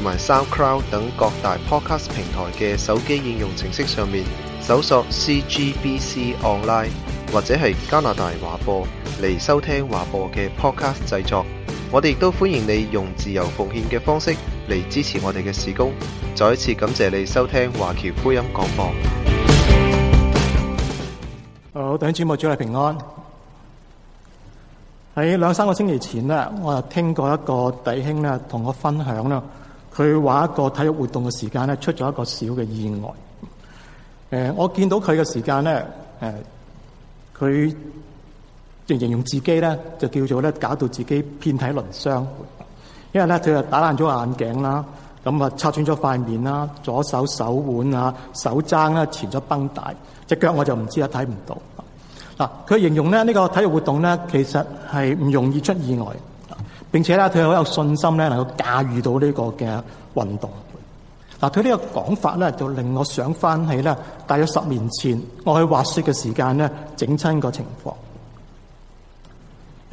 同埋 SoundCloud 等各大 Podcast 平台嘅手機應用程式，上面搜索 CGBC Online 或者係加拿大華播嚟收聽華播嘅 Podcast 製作，我哋亦都歡迎你用自由奉獻嘅方式嚟支持我哋嘅事工。再一次感謝你收聽華僑福音廣播。好，弟兄姊妹，早係平安。喺兩三個星期前呢，我有聽過一個弟兄咧同我分享啦。佢話一個體育活動嘅時間咧，出咗一個小嘅意外。我見到佢嘅時間咧，佢就形容自己咧，就叫做咧搞到自己遍體鱗傷。因為咧，佢就打爛咗眼鏡啦，咁啊，擦損咗塊面啦，左手手腕啊、手踭啊，纏咗繃帶，隻腳我就唔知啦，睇唔到。嗱，佢形容咧呢個體育活動咧，其實係唔容易出意外。並且咧，佢好有信心咧，能夠駕馭到呢個嘅運動。嗱，佢呢個講法咧，就令我想翻起咧，大約十年前我去滑雪嘅時間咧，整親個情況。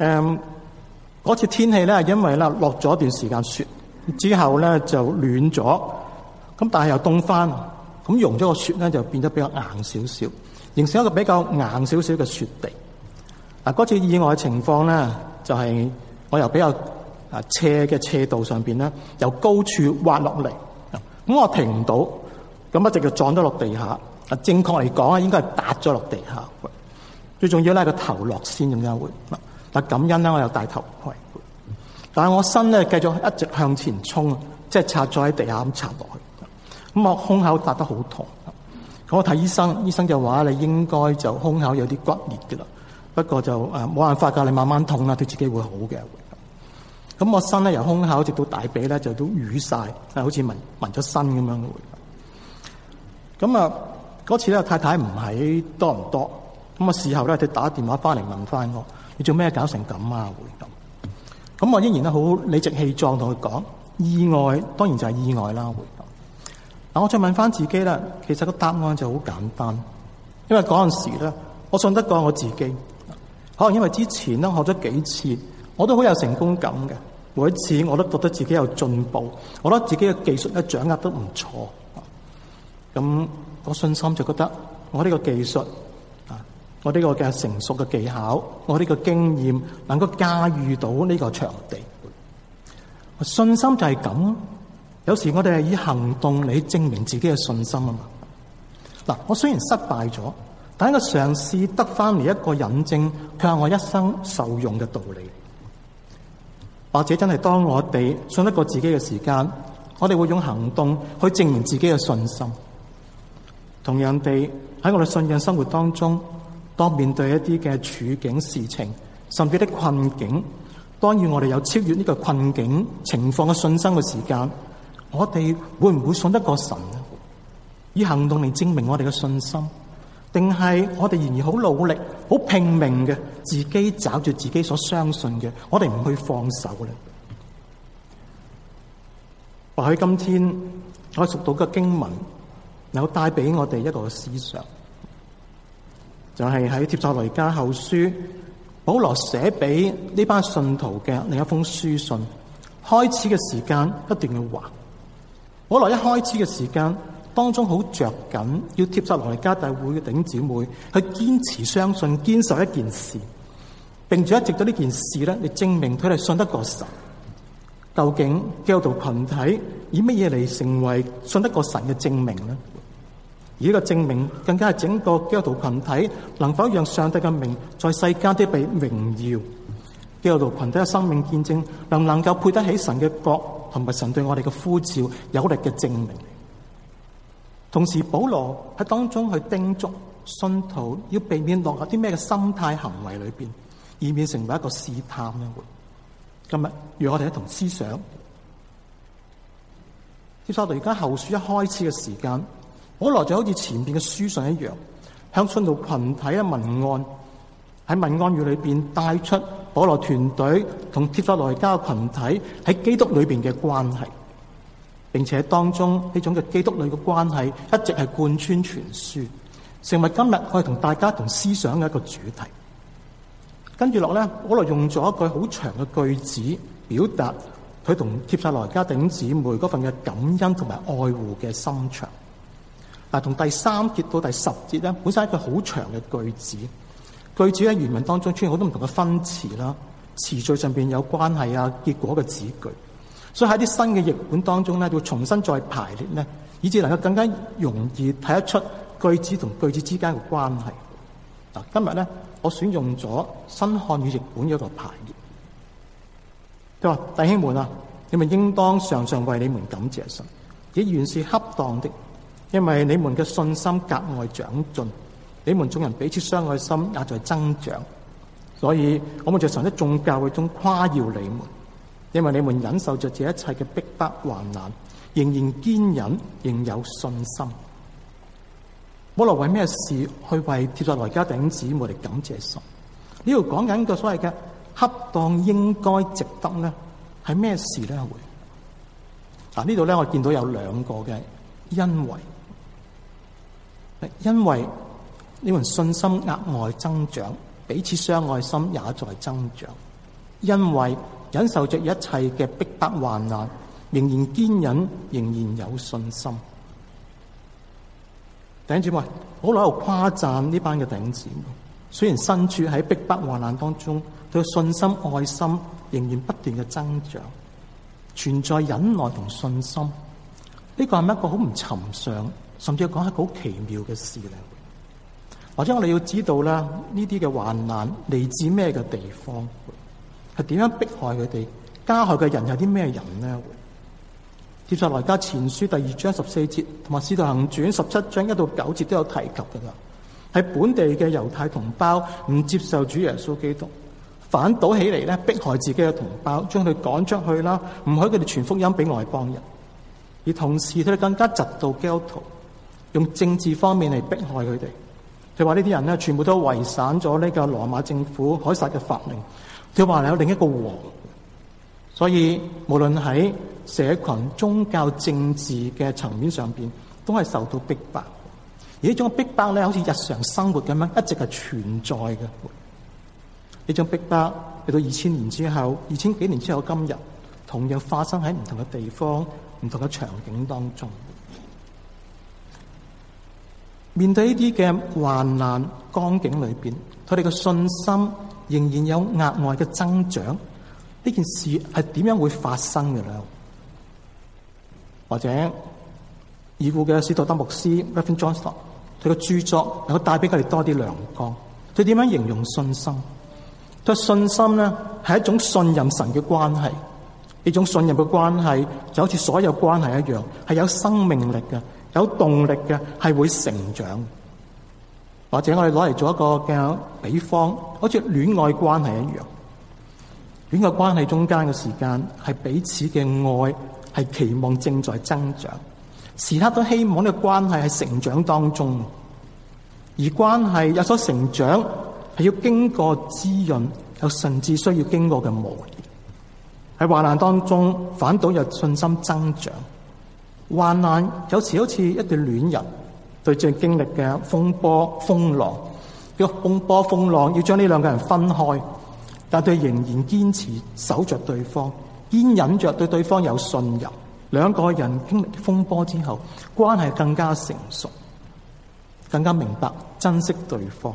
誒，嗰次天氣咧，因為咧落咗一段時間雪之後咧，就暖咗，咁但係又凍翻，咁溶咗個雪咧，就變得比較硬少少，形成一個比較硬少少嘅雪地。嗱，嗰次意外嘅情況咧，就係我又比較。車嘅斜道上邊咧，由高處滑落嚟，咁我停唔到，咁一直就撞咗落地下。啊，正確嚟講啊，應該係打咗落地下。最重要咧，個頭落先咁樣會。但感恩咧，我有大頭盔。但係我身咧繼續一直向前衝，即係插咗喺地下咁插落去。咁我胸口搭得好痛。咁我睇醫生，醫生就話，你應該就胸口有啲骨裂嘅啦。不過就誒冇辦法噶，你慢慢痛啦，對自己會好嘅。咁我身咧由胸口直到大髀咧就都瘀曬，好似蚊咗身咁樣回答。咁啊嗰次咧太太唔喺多唔多，咁啊事後咧佢打電話翻嚟問翻我：你做咩搞成咁啊？回答。咁我依然咧好理直氣壯同佢講意外，當然就係意外啦。回答。嗱我再問翻自己啦，其實個答案就好簡單，因為嗰陣時咧我信得過我自己，可能因為之前咧學咗幾次。我都好有成功感嘅。每一次我都覺得自己有進步，我覺得自己嘅技術咧掌握得唔錯。咁我信心就覺得我呢個技術，啊，我呢個嘅成熟嘅技巧，我呢個經驗能夠駕馭到呢個場地。信心就係咁。有時我哋係以行動嚟證明自己嘅信心啊嘛。嗱，我雖然失敗咗，但係個嘗試得翻嚟一個引證，佢係我一生受用嘅道理。或者真係當我哋信得過自己嘅時間，我哋會用行動去證明自己嘅信心，同樣地，喺我哋信任生活當中，當面對一啲嘅處境、事情，甚至啲困境，當然我哋有超越呢個困境情況嘅信心嘅時間，我哋會唔會信得過神？以行動嚟證明我哋嘅信心。定係我哋仍然好努力、好拼命嘅，自己找住自己所相信嘅，我哋唔去放手啦。或許今天我讀到嘅經文，有帶俾我哋一個思想，就係、是、喺帖撒羅尼迦後書，保羅寫俾呢班信徒嘅另一封書信，開始嘅時間一段嘅話，保羅一開始嘅時間。當中好着緊，要帖撒羅尼迦大會嘅弟兄姊妹去堅持相信、堅守一件事，並且一直到呢件事咧，你證明佢哋信得過神。究竟基督徒群體以乜嘢嚟成為信得過神嘅證明呢？而呢個證明更加係整個基督徒群體能否讓上帝嘅名在世間啲被榮耀？基督徒群體嘅生命見證能唔能夠配得起神嘅國同埋神對我哋嘅呼召有力嘅證明？同時，保羅喺當中去叮囑信徒，要避免落入啲咩嘅心態、行為裏邊，以免成為一個試探嘅活。今日，讓我哋一同思想，帖撒羅尼迦後書一開始嘅時間，保羅就好似前邊嘅書信一樣，向信徒群體嘅文案喺文案語裏邊帶出保羅團隊同帖撒羅尼迦嘅群體喺基督裏邊嘅關係。並且當中呢種嘅基督裡嘅關係一直係貫穿全書，成為今日我哋同大家同思想嘅一個主題。跟住落咧，我來用咗一句好長嘅句子，表達佢同帖撒羅尼迦頂姊妹嗰份嘅感恩同埋愛護嘅心腸。嗱，同第三節到第十節咧，本身係一個好長嘅句子，句子喺原文當中出現好多唔同嘅分詞啦，詞序上邊有關係啊，結果嘅子句。所以喺啲新嘅譯本當中咧，要重新再排列咧，以致能夠更加容易睇得出句子同句子之間嘅關係。嗱，今日咧，我選用咗新漢語譯本的一個排列。佢話，弟兄們啊，你們應當常常為你們感謝神，這原是恰當的，因為你們嘅信心格外長進，你們眾人彼此相愛心也在增長，所以我們在常在眾教會中誇耀你們。因為你們忍受着這一切的逼迫患難，仍然堅忍，仍有信心。保羅為咩事去為帖撒羅尼迦弟兄姊妹哋感謝神？呢度講緊個所謂嘅恰當應該值得咧，係咩事咧？嗱，呢度咧，我見到有兩個嘅因為，因為你們信心額外增長，彼此相愛心也在增長，因為。忍受着一切嘅逼迫患難，仍然堅忍，仍然有信心。頂住咪，我喺度誇讚呢班嘅頂子。雖然身處喺逼迫患難當中，佢信心、愛心仍然不斷嘅增長，存在忍耐同信心。呢個係咪一個好唔尋常，甚至講係好奇妙嘅事咧？或者我哋要知道咧，呢啲嘅患難嚟自咩嘅地方？係點樣迫害佢哋？加害嘅人有啲咩人呢？《帖撒羅尼迦前書》第二章十四節，同埋《使徒行傳》十七章一到九節都有提及嘅。喎，係本地嘅猶太同胞唔接受主耶穌基督，反倒起嚟咧迫害自己嘅同胞，將佢趕出去啦，唔許佢哋傳福音俾外邦人。而同時，佢哋更加直道基督徒，用政治方面嚟迫害佢哋。佢話呢啲人呢，全部都違反咗呢個羅馬政府凱撒嘅法令。佢話你有另一個王，所以無論喺社群、宗教、政治嘅層面上面，都係受到逼迫。而這種迫呢種逼迫咧，好似日常生活咁樣，一直係存在嘅。呢種逼迫去到二千年之後，二千幾年之後，今日同樣發生喺唔同嘅地方、唔同嘅場景當中。面對呢啲嘅患難光景裏面，佢哋嘅信心，仍然有額外嘅增長，呢件事係點樣會發生嘅咧？或者已故嘅史道德牧師 Rev. John Stott 佢嘅著作能夠帶俾佢哋多啲亮光。佢點樣形容信心？佢信心咧，係一種信任神嘅關係，呢種信任嘅關係就好似所有關係一樣，係有生命力嘅，有動力嘅，係會成長。或者我哋攞嚟做一個嘅比，比方，好似戀愛關係一樣。戀愛關係中間嘅時間係彼此嘅愛係期望正在增長，時刻都希望呢個關係係成長當中。而關係有所成長，係要經過滋潤，又甚至需要經過嘅磨練，喺患難當中，反倒有信心增長。患難有時好似一對戀人。對住經歷嘅風波風浪，風波風浪要將呢兩個人分開，但係佢仍然堅持守着對方，堅忍着對對方有信任。兩個人經歷風波之後，關係更加成熟，更加明白珍惜對方。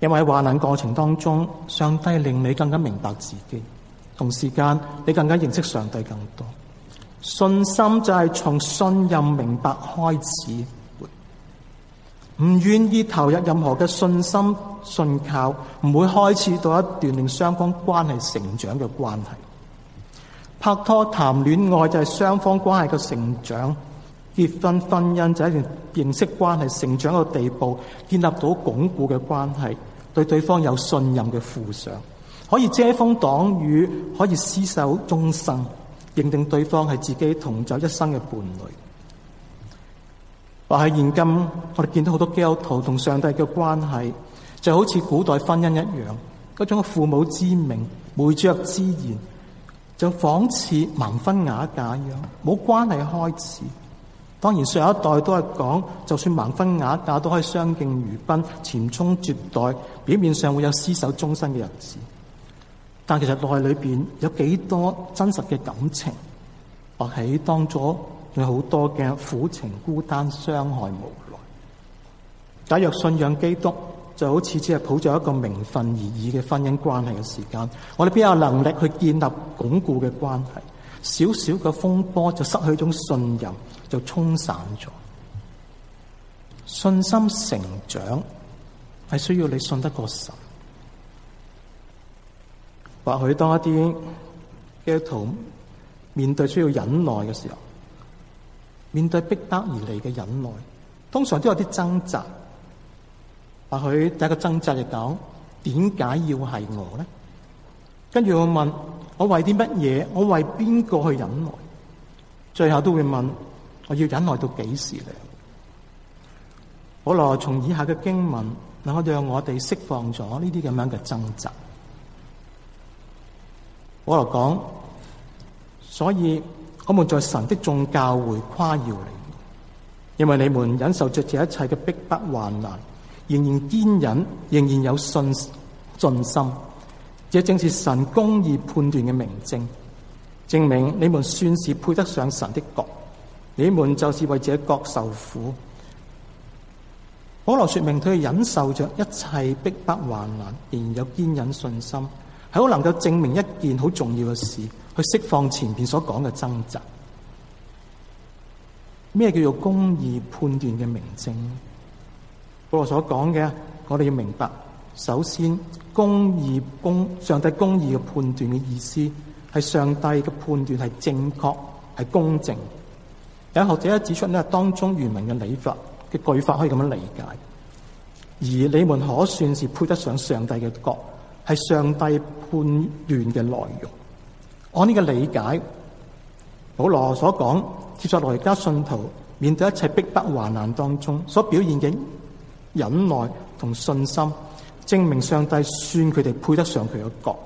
因為喺患難過程當中，上帝令你更加明白自己，同時間你更加認識上帝更多。信心就係從信任明白開始，唔願意投入任何嘅信心信靠，唔會開始到一段令雙方關係成長嘅關係。拍拖談戀愛就係雙方關係嘅成長，結婚婚姻就係一段認識關係成長嘅地步，建立到鞏固嘅關係，對對方有信任嘅附上，可以遮風擋雨，可以廝守終生。認定對方係自己同在一生嘅伴侶，或喺現今我哋見到好多基督徒同上帝嘅關係，就好似古代婚姻一樣，嗰種父母之命、媒妁之言，就仿似盲婚啞嫁樣，冇關係開始。當然上一代都係講，就算盲婚啞嫁都可以相敬如賓、潛衝絕代，表面上會有廝守終身嘅日子。但其實內裏邊有幾多真實嘅感情，或喺當初有好多嘅苦情、孤單、傷害、無奈。假若信仰基督，就好似只係抱住一個名分而已嘅婚姻關係嘅時間，我哋邊有能力去建立鞏固嘅關係？少少嘅風波就失去一種信任，就沖散咗。信心成長係需要你信得過神。或許當一啲基督徒面對需要忍耐嘅時候，面對逼得而嚟嘅忍耐，通常都有啲掙扎。或許第一個掙扎就講：點解要係我咧？跟住我問：我為啲乜嘢？我為邊個去忍耐？最後都會問：我要忍耐到幾時咧？好喇，從以下嘅經文，能夠讓我哋釋放咗呢啲咁樣嘅掙扎。我嚟講，所以我們在神的眾教會誇耀你，因為你們忍受着這一切嘅逼迫患難，仍然堅忍，仍然有信信心，這正是神公義判斷嘅明證，證明你們算是配得上神的國，你們就是為這國受苦，我嚟說明佢忍受着一切逼迫患難，仍然有堅忍信心。係好能夠證明一件好重要嘅事，去釋放前面所講嘅掙扎。咩叫做公義判斷嘅明證？保羅所講嘅，我哋要明白。首先，公義公上帝公義嘅判斷嘅意思，係上帝嘅判斷係正確，係公正。有學者指出咧，當中原文嘅理法嘅句法可以咁樣理解，而你們可算是配得上上帝嘅國係上帝判斷嘅內容，按呢個理解，保羅所講，帖撒羅尼迦信徒面對一切逼迫患難當中所表現嘅忍耐同信心，證明上帝算佢哋配得上佢嘅國，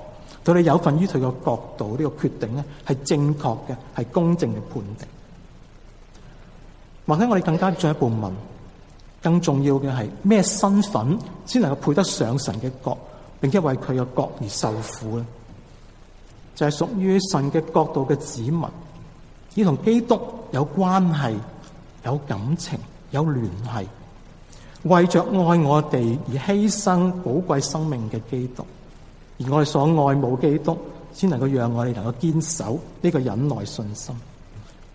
對你有份於佢嘅國度呢、這個決定咧，係正確嘅，係公正嘅判定。或者我哋更加進一步問，更重要嘅係咩身份先能夠配得上神嘅國？並且為佢有國而受苦咧，就係屬於神嘅國度嘅子民要同基督有關係、有感情、有聯繫，為着愛我哋而犧牲寶貴生命嘅基督，而我哋所愛慕基督，先能夠讓我哋能夠堅守呢個忍耐信心，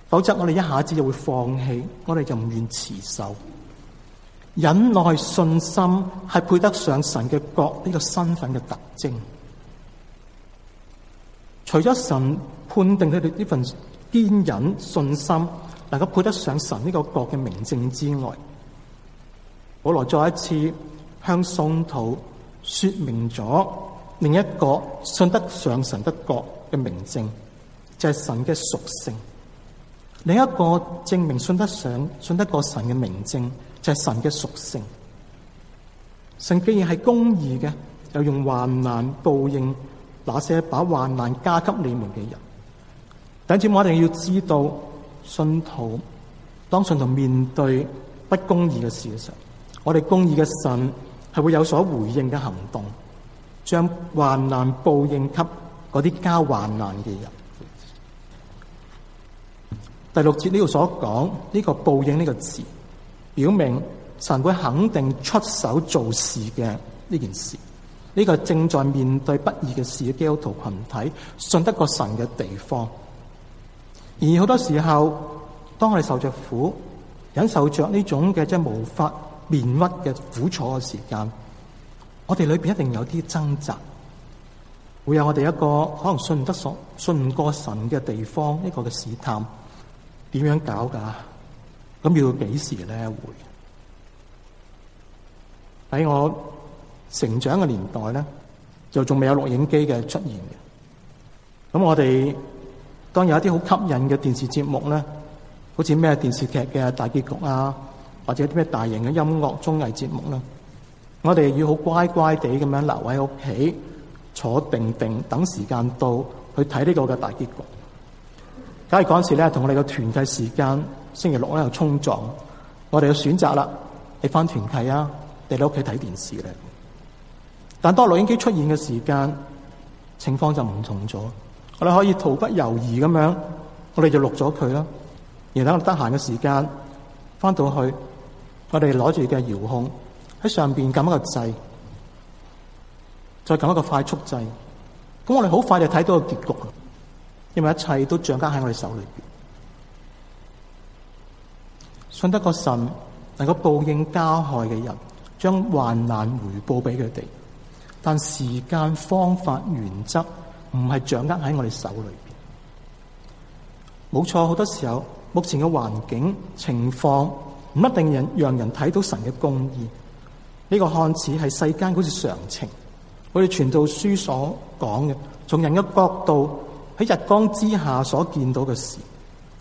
否則我哋一下子就會放棄，我哋就唔願持守。忍耐信心係配得上神嘅國呢個身份嘅特徵。除咗神判定佢哋呢份堅忍信心能夠配得上神呢個國嘅名證之外，我來再一次向信徒說明咗另一個信得上神得國嘅名證，就係、是、神嘅屬性。另一個證明信得上信得過神嘅名證。就係神嘅屬性，神既然係公義嘅，又用患難報應那些把患難加給你們嘅人。弟兄姊妹，我一定要知道，信徒當信徒面對不公義嘅事嘅時候，我哋公義嘅神係會有所回應嘅行動，將患難報應給嗰啲加患難嘅人。第六節呢度所講呢個報應呢個字。表明神會肯定出手做事嘅呢件事，呢、這個正在面對不義嘅事嘅基督徒群體，信得過神嘅地方。而好多時候，當我哋受着苦，忍受着呢種嘅即係無法面屈嘅苦楚嘅時間，我哋裏邊一定有啲掙扎，會有我哋一個可能信唔得、信信唔過神嘅地方，呢、這個嘅試探點樣搞噶？咁要到幾時咧？會喺我成長嘅年代咧，就仲未有錄影機嘅出現嘅。咁我哋當有一啲好吸引嘅電視節目咧，好似咩電視劇嘅大結局啊，或者啲咩大型嘅音樂綜藝節目咧，我哋要好乖乖地咁樣留喺屋企坐定定，等時間到去睇呢個嘅大結局。假如嗰時咧，同我哋嘅團契時間。星期六咧又衝撞，我哋有選擇啦，你翻團契啊，你喺屋企睇電視咧。但當錄影機出現嘅時間，情況就唔同咗。我哋可以毫不猶豫咁樣，我哋就錄咗佢啦。然後等我得閒嘅時間，翻到去，我哋攞住嘅遙控喺上邊撳一個掣，再撳一個快速掣，咁我哋好快就睇到個結局。因為一切都掌握喺我哋手裏邊。信得過神，能夠報應加害嘅人，將患難回報俾佢哋。但時間、方法、原則唔係掌握喺我哋手裏面。冇錯，好多時候，目前嘅環境情況唔一定人讓人睇到神嘅公義。呢、這個看似係世間好似常情。我哋傳道書所講嘅，從人嘅角度喺日光之下所見到嘅事，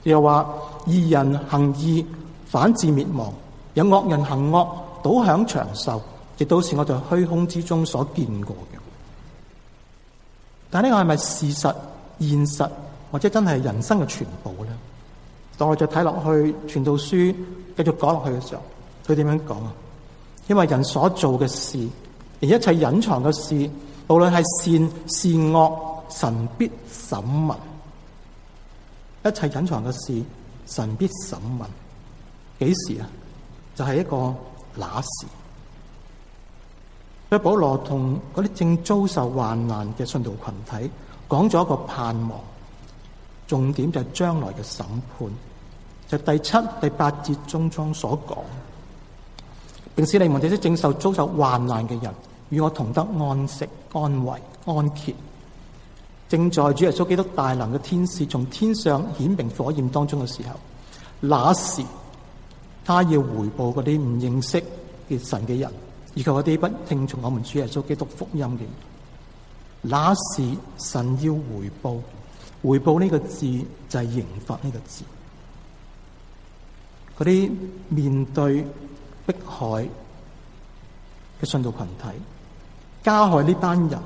又話義人行義反自滅亡，有惡人行惡，倒享長壽，亦都是我在虛空之中所見過嘅。但呢個係咪事實、現實，或者真係人生嘅全部咧？當我再睇落去傳道書，繼續講落去嘅時候，佢點樣講啊？因為人所做嘅事，而一切隱藏嘅事，無論係善善惡，神必審問。一切隱藏嘅事，神必審問。幾時啊？就係、是、一個那時，所以保羅同嗰啲正遭受患難嘅信徒群體講咗一個盼望，重點就係將來嘅審判，就是、第七、第八節中樁所講，並使你們這些正受遭受患難嘅人，與我同得安息、安慰、安歇。」正在主耶穌基督大能嘅天使從天上顯明火焰當中嘅時候，那時。他要回報嗰啲唔認識嘅神嘅人，以及嗰啲不聽從我們主耶穌基督福音嘅人。那是神要回報，回報呢個字就係刑罰呢個字。嗰啲面對迫害嘅信徒群體，加害呢班人，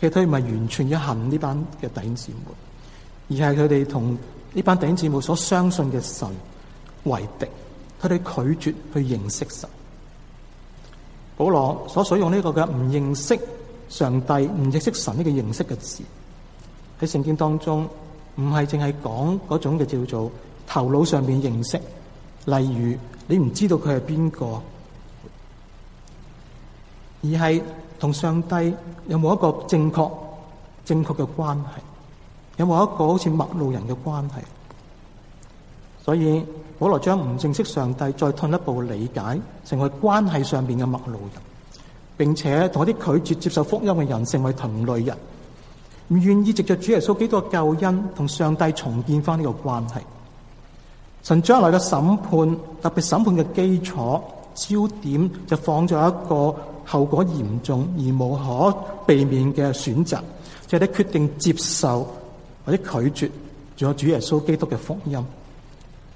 其實佢唔係完全要恨呢班嘅弟兄姊妹，而係佢哋同呢班弟兄姊妹所相信嘅神為敵。佢哋拒絕去認識神。保羅所使用呢個嘅唔認識上帝、唔認識神呢個認識嘅字，喺聖經當中唔係淨係講嗰種嘅叫做頭腦上邊認識，例如你唔知道佢係邊個，而係同上帝有冇一個正確、正確嘅關係，有冇一個好似陌路人嘅關係，所以。我來將唔正式上帝，再進一步理解，成為關係上邊嘅陌路人，並且同一啲拒絕接受福音嘅人，成為同類人，唔願意藉著主耶穌基督嘅救恩，同上帝重建翻呢個關係。神將來嘅審判，特別審判嘅基礎焦點，就放咗一個後果嚴重而無可避免嘅選擇，就係、是、你決定接受或者拒絕咗主耶穌基督嘅福音。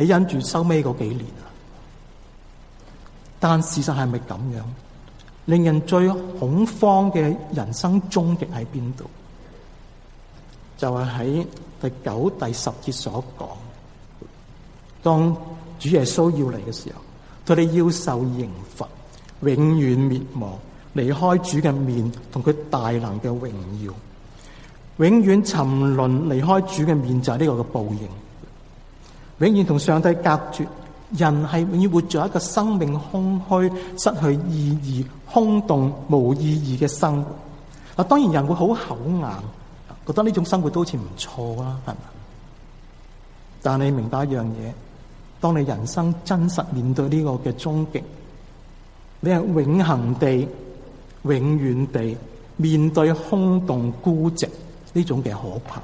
你忍住收尾嗰幾年啊，但事實係咪咁樣？令人最恐慌嘅人生終極喺邊度？就係喺第九、第十節所講，當主耶穌要嚟嘅時候，佢哋要受刑罰，永遠滅亡，離開主嘅面，同佢大能嘅榮耀，永遠沉淪，離開主嘅面就係呢個嘅報應。永遠同上帝隔絕，人係永遠活在一個生命空虛、失去意義、空洞無意義嘅生活。嗱，當然人會好口硬，覺得呢種生活都好似唔錯啊，係嘛？但你明白一樣嘢，當你人生真實面對呢個嘅終極，你係永恆地、永遠地面對空洞孤寂呢種嘅可怕。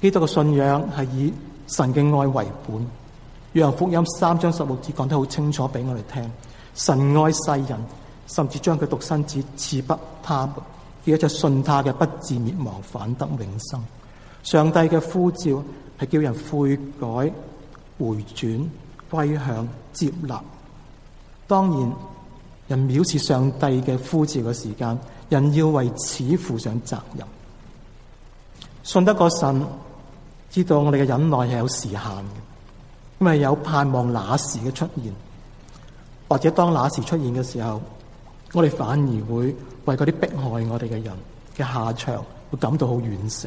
基督嘅信仰係以神嘅愛為本，約翰福音三章十六節講得好清楚，俾我哋聽：神愛世人，甚至將佢獨生子賜不他，叫一切信他嘅不至滅亡，反得永生。上帝嘅呼召係叫人悔改、回轉、歸向接納。當然，人藐視上帝嘅呼召嘅時間，人要為此負上責任。信得過神。知道我哋嘅忍耐係有時限嘅，因為有盼望那時嘅出現，或者當那時出現嘅時候，我哋反而會為嗰啲迫害我哋嘅人嘅下場，會感到好惋惜。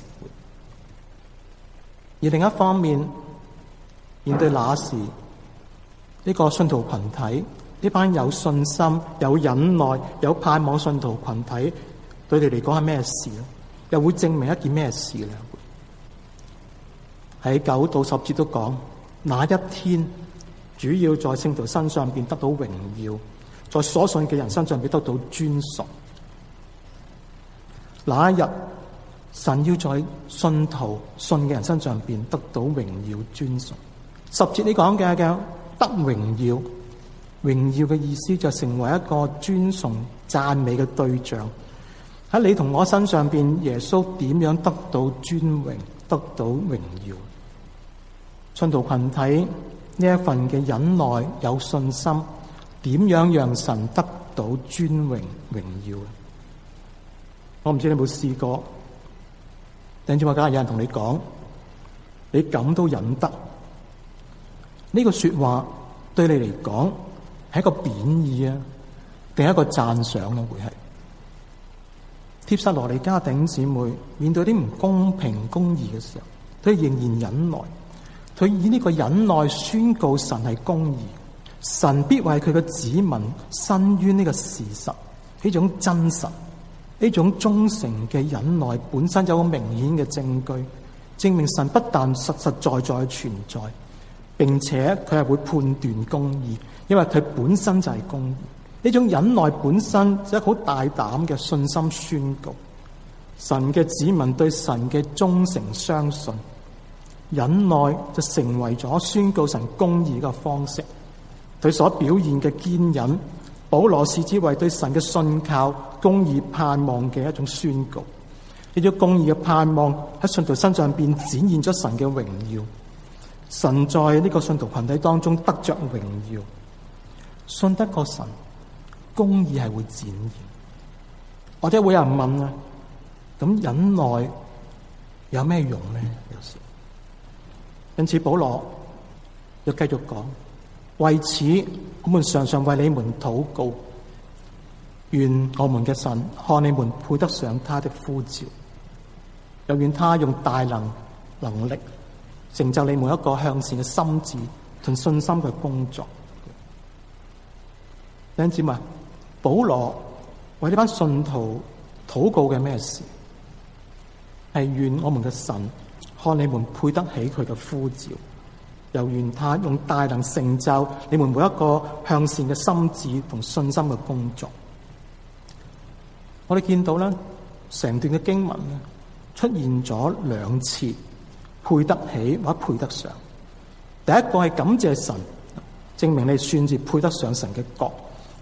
而另一方面，面對那時呢個信徒群體，呢班有信心、有忍耐、有盼望信徒群體，對你嚟講係咩事咧？又會證明一件咩事咧？喺九到十節都講，那一天主要在聖徒身上邊得到榮耀，在所信嘅人身上邊得到尊崇。那一日，神要在信徒信嘅人身上邊得到榮耀尊崇。十節你講嘅嘅得榮耀，榮耀嘅意思就是成為一個尊崇讚美嘅對象。喺你同我身上邊，耶穌點樣得到尊榮，得到榮耀？信徒群體呢一份嘅忍耐，有信心，點樣讓神得到尊榮榮耀？我唔知你有冇試過頂住話，家有人同你講，你咁都忍得，呢個說話對你嚟講係一個貶義啊，定係一個讚賞嘅會係？帖撒羅尼迦頂姊妹面對啲唔公平公義嘅時候，佢仍然忍耐。佢以呢個忍耐宣告神係公義，神必為佢嘅子民伸冤呢個事實，呢種真實，呢種忠誠嘅忍耐本身有個明顯嘅證據，證明神不但實實在在存在，並且佢係會判斷公義，因為佢本身就係公義。呢種忍耐本身就係好大膽嘅信心宣告，神嘅子民對神嘅忠誠相信。忍耐就成為咗宣告神公義嘅方式，佢所表現嘅堅忍，保羅視之為對神嘅信靠、公義盼望嘅一種宣告。呢種公義嘅盼望喺信徒身上，便展現咗神嘅榮耀。神在呢個信徒群體當中得着榮耀，信得過神，公義係會展現。或者會有人問啊，咁忍耐有咩用呢？嗯，有時。因此，保羅要繼續講，為此我們常常為你們禱告，願我們嘅神看你們配得上他的呼召，又願他用大能能力成就你們一個向善嘅心智同信心嘅工作。弟兄姊妹，保羅為呢班信徒禱告嘅咩事？係願我們嘅神。看你們配得起佢嘅呼召，由願他用大能成就你們每一個向善嘅心智同信心嘅工作。我哋見到咧，成段嘅經文咧出現咗兩次，配得起或者配得上。第一個係感謝神，證明你算至配得上神嘅國，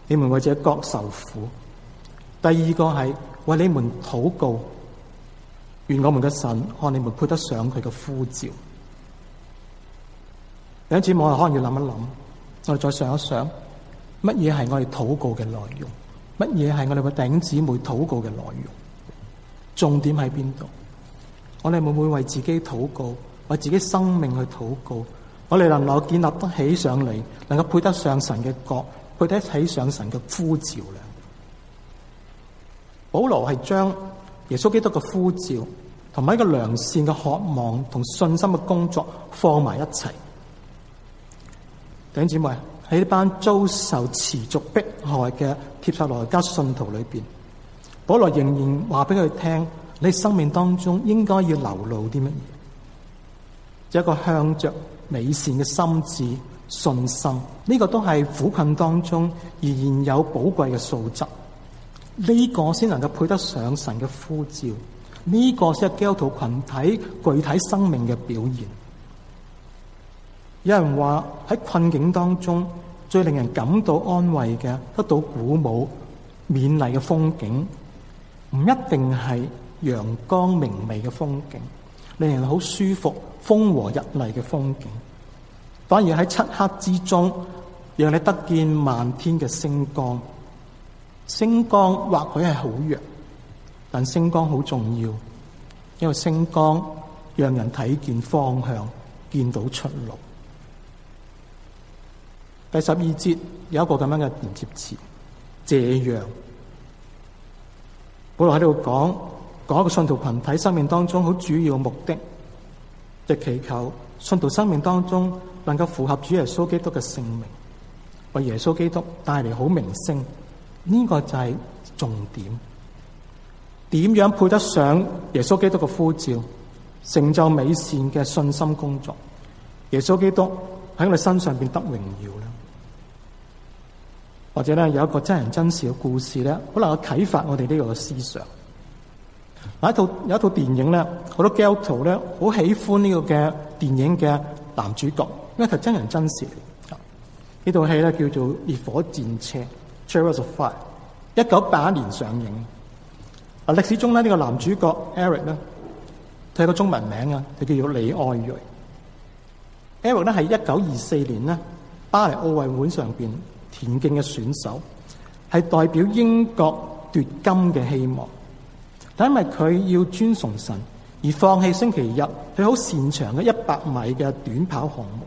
你們為這國受苦。第二個係為你們禱告。願我們嘅神看你們配得上佢嘅呼召。有陣時我係可能要諗一諗，我哋再想一想，乜嘢係我哋禱告嘅內容？乜嘢係我哋嘅弟兄姊妹禱告嘅內容？重點喺邊度？我哋會唔會為自己禱告，為自己生命去禱告？我哋能唔能夠建立得起上嚟，能夠配得上神嘅國，配得起上神嘅呼召咧？保羅係將耶穌基督嘅呼召。同埋一個良善嘅渴望同信心嘅工作放埋一齊，弟兄姊妹，喺呢班遭受持續迫害嘅帖撒羅尼迦信徒裏邊，保羅仍然話俾佢聽：，你生命當中應該要流露啲乜嘢？有一個向着美善嘅心智信心，呢、這個都係苦困當中而然有寶貴嘅素質，呢、這個先能夠配得上神嘅呼召。呢個先係基督徒群體具體生命嘅表現。有人話喺困境當中，最令人感到安慰嘅、得到鼓舞、勉勵嘅風景，唔一定係陽光明媚嘅風景，令人好舒服、風和日麗嘅風景，反而喺漆黑之中，讓你得見漫天嘅星光。星光或許係好弱。但星光好重要，因為星光讓人睇見方向，見到出路。第十二節有一個咁樣嘅連接詞，我這樣，保羅喺度講，講一個信徒群體生命當中好主要的目的，亦祈求信徒生命當中能夠符合主耶穌基督嘅聖名，為耶穌基督帶嚟好名聲，呢個就係重點。點樣配得上耶穌基督嘅呼召，成就美善嘅信心工作？耶穌基督喺我哋身上邊得榮耀啦，或者咧有一個真人真事嘅故事咧，可能有啟發我哋呢個思想。有一套有一套電影咧，好多基督徒咧好喜歡呢個嘅電影嘅男主角，因為係真人真事。呢套戲咧叫做《烈火戰車》，《Chariots of Fire》，一九八一年上映。嗱，歷史中咧呢、這個男主角 Eric 咧，佢有個中文名啊，就叫做李愛銳。Eric 咧係一九二四年呢，巴黎奧運會上邊田徑嘅選手，係代表英國奪金嘅希望。但因為佢要尊崇神而放棄星期日，佢好擅長嘅一百米嘅短跑項目。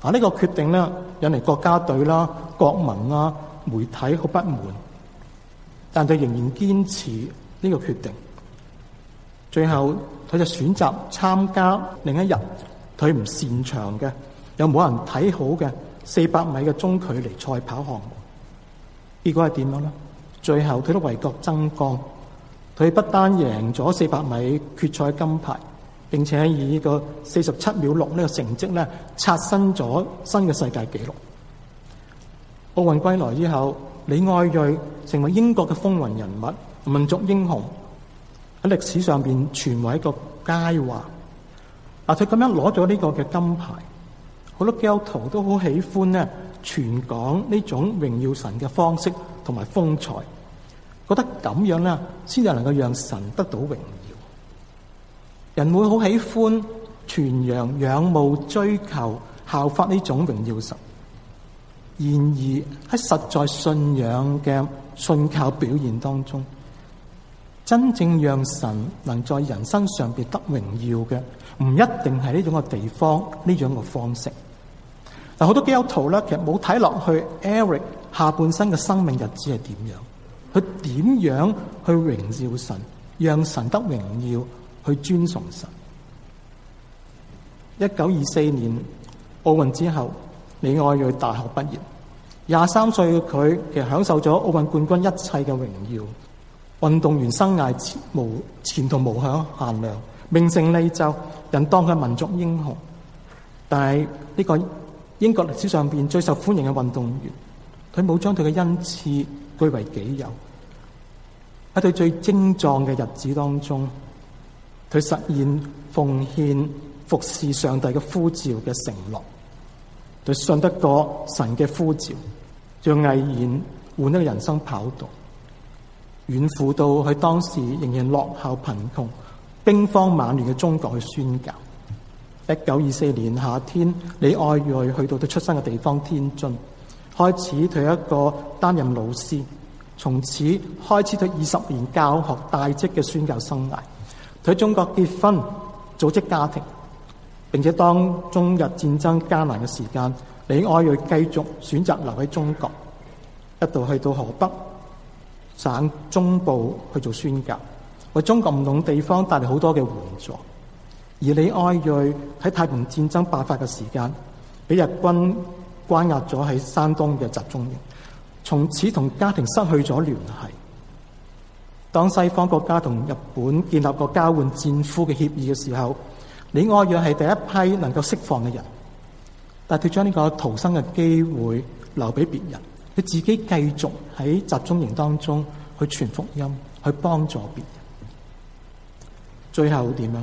啊，呢個決定呢，引嚟國家隊啦、國民啊、媒體好不滿，但佢仍然堅持。呢個決定，最後佢就選擇參加另一日佢唔擅長嘅，又冇人睇好嘅四百米嘅中距離賽跑項目。結果係點樣呢？最後佢都為國爭光，佢不單贏咗四百米決賽金牌，並且以呢個四十七秒六呢個成績呢，刷新咗新嘅世界紀錄。奧運歸來之後，李愛瑞成為英國嘅風雲人物。民族英雄喺歷史上邊，傳為一個佳話。嗱，佢咁樣攞咗呢個嘅金牌，好多教徒都好喜歡咧，傳講呢種榮耀神嘅方式同埋風采，覺得咁樣咧，先至能夠讓神得到榮耀。人會好喜歡傳揚、仰慕、追求、效法呢種榮耀神。然而喺實在信仰嘅信靠表現當中。真正讓神能在人生上邊得榮耀嘅，唔一定係呢種嘅地方，呢種嘅方式。但係好多基督徒咧，其實冇睇落去 Eric 下半生嘅生命日子係點樣，佢點樣去榮耀神，讓神得榮耀，去尊崇神。一九二四年奧運之後，李愛銳大學畢業，廿三歲嘅佢其實享受咗奧運冠軍一切嘅榮耀。運動員生涯前前無前途無可限量，名成利就，人當佢民族英雄。但係呢個英國歷史上邊最受歡迎嘅運動員，佢冇將佢嘅恩賜據為己有。喺佢最精壯嘅日子當中，佢實現奉獻服侍上帝嘅呼召嘅承諾，佢信得過神嘅呼召，用毅然換一個人生跑道。遠赴到佢當時仍然落後貧窮、兵荒馬亂嘅中國去宣教。一九二四年夏天，李愛銳去到佢出生嘅地方天津，開始佢一個擔任老師，從此開始佢二十年教學大職嘅宣教生涯。佢喺中國結婚，組織家庭，並且當中日戰爭艱難嘅時間，李愛銳繼續選擇留喺中國，一度去到河北。省中部去做宣教，為中國唔同地方帶嚟好多嘅援助。而李愛銳喺太平洋戰爭爆發嘅時間，俾日軍關押咗喺山東嘅集中營，從此同家庭失去咗聯繫。當西方國家同日本建立個交換戰俘嘅協議嘅時候，李愛銳係第一批能夠釋放嘅人，但係佢將呢個逃生嘅機會留俾別人。佢自己繼續喺集中營當中去傳福音，去幫助別人。最後點樣？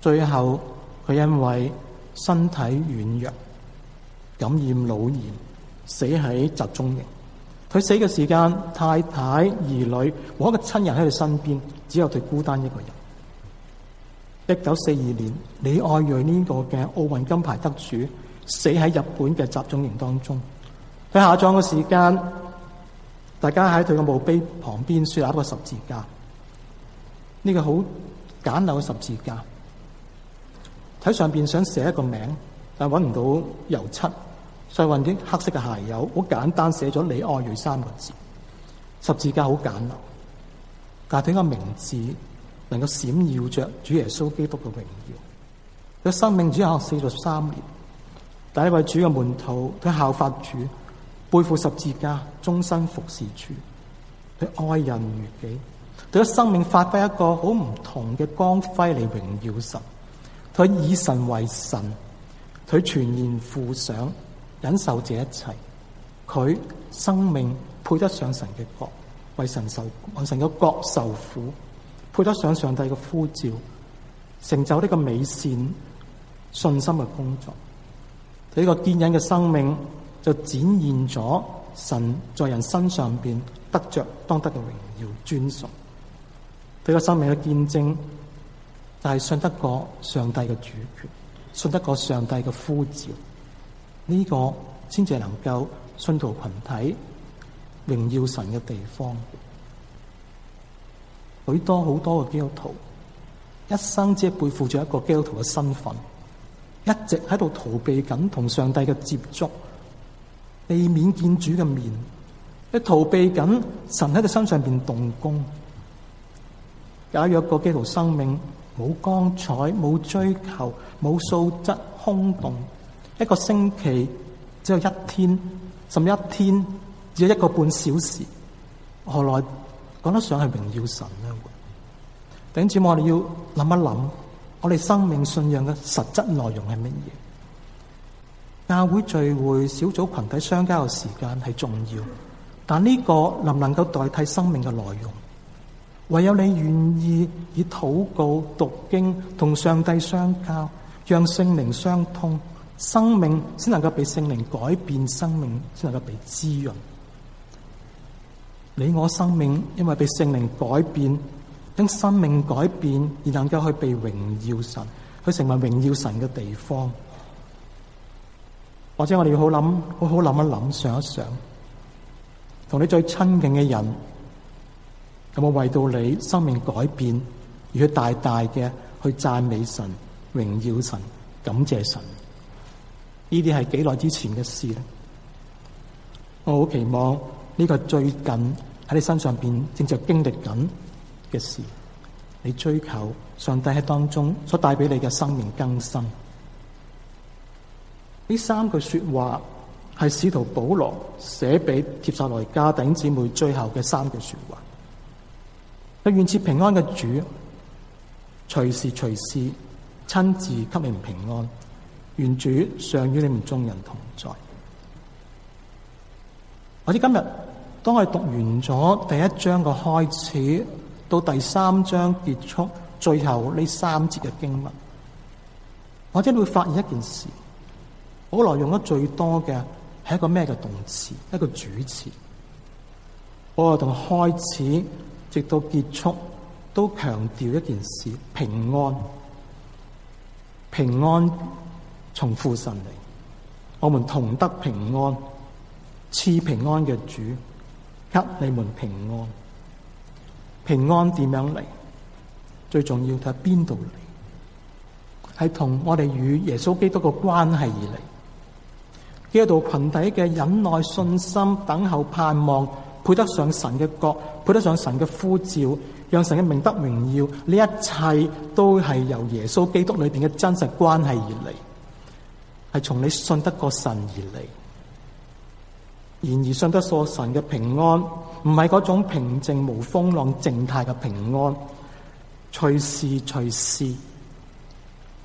最後佢因為身體軟弱，感染腦炎，死喺集中營。佢死嘅時間，太太、兒女和一個親人喺佢身邊，只有佢孤單一個人。一九四二年，李愛銳呢個嘅奧運金牌得主，死喺日本嘅集中營當中。佢下葬嘅時間，大家喺佢個墓碑旁邊樹立一個十字架，呢、這個好簡陋嘅十字架。睇上邊想寫一個名，但係搵唔到油漆，所以運啲黑色嘅鞋油，好簡單寫咗李愛銳三個字。十字架好簡陋，但係佢個名字能夠閃耀着主耶穌基督嘅榮耀。佢生命只有四十三年，第一位主嘅門徒，佢效法主。背負十字架，終身服侍主，佢愛人如己，佢喺生命發揮一個好唔同嘅光輝嚟榮耀神。佢以神為神，佢全然負上忍受這一切。佢生命配得上神嘅國，為神受為神嘅國受苦，配得上上帝嘅呼召，成就呢個美善信心嘅工作。佢呢個堅忍嘅生命，就展現咗神在人身上邊得着當得嘅榮耀尊崇，對個生命嘅見證。就係信得過上帝嘅主權，信得過上帝嘅呼召，呢、呢個先至能夠信徒群體榮耀神嘅地方。許多好多嘅基督徒，一生只係背負住一個基督徒嘅身份，一直喺度逃避緊同上帝嘅接觸。避免見主嘅面，一逃避緊神喺佢身上邊動工。假若個基督徒生命冇光彩、冇追求、冇素質，空洞一個星期只有一天，甚至一天只有一個半小時，何來講得上係榮耀神呢？弟兄姊妹，我哋要諗一諗，我哋生命信仰嘅實質內容係乜嘢？教會聚會、小組群體相交嘅時間係重要，但呢個能唔能夠代替生命嘅內容？唯有你願意以禱告、讀經同上帝相交，讓聖靈相通，生命先能夠被聖靈改變，生命先能夠被滋潤。你我生命因為被聖靈改變，因生命改變而能夠去被榮耀神，去成為榮耀神嘅地方。或者我哋要好諗，好好諗一諗、想一想，同你最親近嘅人有冇為到你生命改變，而去大大嘅去讚美神、榮耀神、感謝神？呢啲係幾耐之前嘅事咧？我好期望呢個最近喺你身上邊正在經歷緊嘅事，你追求上帝喺當中所帶俾你嘅生命更新。呢三句說話係使徒保羅寫俾帖撒羅尼迦頂姊妹最後嘅三句說話。願賜平安嘅主，隨時隨事親自給你們平安，願主常與你們眾人同在。或者今日當我哋讀完咗第一章嘅開始到第三章結束，最後呢三節嘅經文，或者你會發現一件事。保羅用得最多嘅是一個咩嘅動詞，一個主詞。我從開始直到結束都強調一件事：平安，平安，從父神嚟，我們同得平安，賜平安嘅主，給你們平安。平安點樣嚟？最重要睇邊度嚟，係同我哋與耶穌基督嘅關係而嚟。基督群體嘅忍耐、信心、等候、盼望，配得上神嘅國，配得上神嘅呼召，讓神嘅名得榮耀。呢一切都係由耶穌基督裏邊嘅真實關係而嚟，係從你信得過神而嚟。然而信得過神嘅平安，唔係嗰種平靜無風浪、靜態嘅平安，隨時隨時，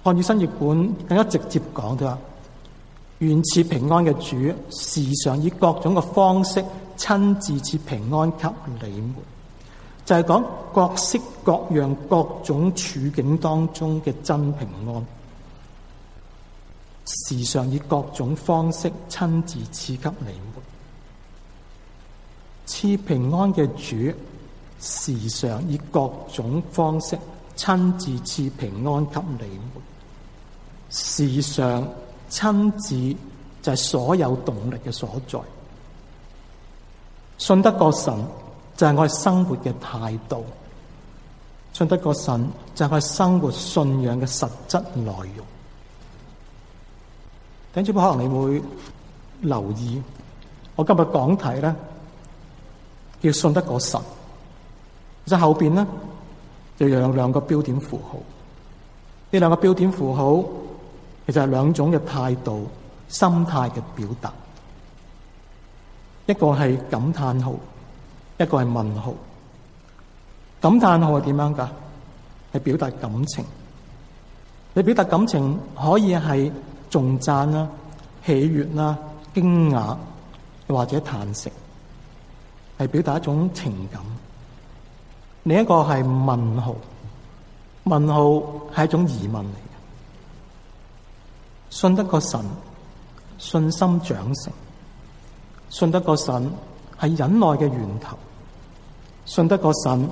漢語新譯本更加直接講，願賜平安嘅主，時常以各種嘅方式親自賜平安給你們，就係講各式各樣、各種處境當中嘅真平安。時常以各種方式親自賜給你們，賜平安嘅主，時常以各種方式親自賜平安給你們，時常。親子就係所有動力嘅所在，信得過神就係我哋生活嘅態度，信得過神就係我哋生活信仰嘅實質內容。頂住，可能你會留意，我今日講題咧叫信得過神，其實後邊咧就有兩個標點符號，呢兩個標點符號。其實係兩種嘅態度、心態嘅表達，一個係感嘆號，一個係問號。感嘆號係點樣噶？係表達感情。你表達感情可以係頌讚啦、喜悅啦、驚訝或者嘆息，係表達一種情感。另一個係問號，問號係一種疑問嚟。信得過神，信心長成；信得過神係忍耐嘅源頭；信得過神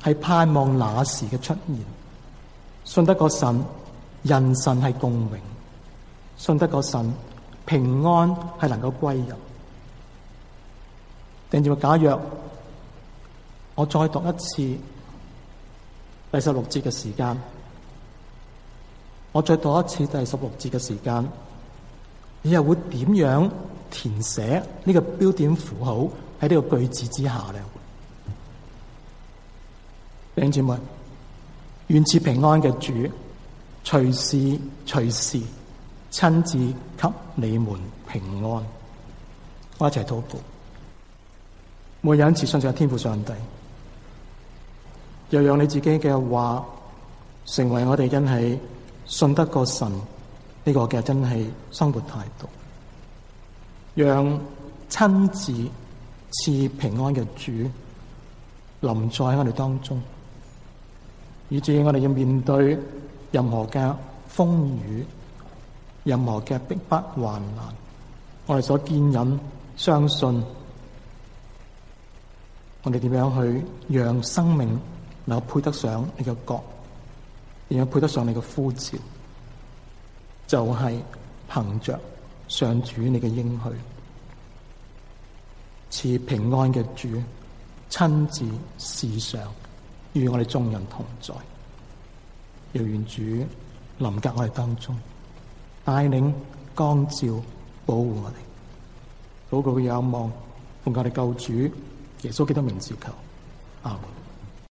係盼望那時嘅出現；信得過神，人神是共榮；信得過神，平安是能夠歸入。跟住假若，我再讀一次第十六節嘅時間。我再讀一次第十六節的時間，你又會怎樣填寫這個標點符號在這個句子之下呢？弟兄姊妹，願賜平安的主，隨時、隨時親自給你們平安。我一齊禱告，每人都自信天父上帝，又讓你自己的話成為我們欣喜。信得過神呢、這個嘅真係生活態度，讓親自賜平安嘅主臨在我哋當中，以至於我哋要面對任何嘅風雨，任何嘅逼迫、患難，我哋所見忍相信，我哋點樣去讓生命能夠配得上呢個角？然後配得上你嘅呼召，就係、是、憑着上主你嘅應許，賜平安嘅主親自事上與我哋眾人同在，求願主臨格我哋當中，帶領光照保護我哋，禱告仰望奉教你救主耶穌基督名字求阿門。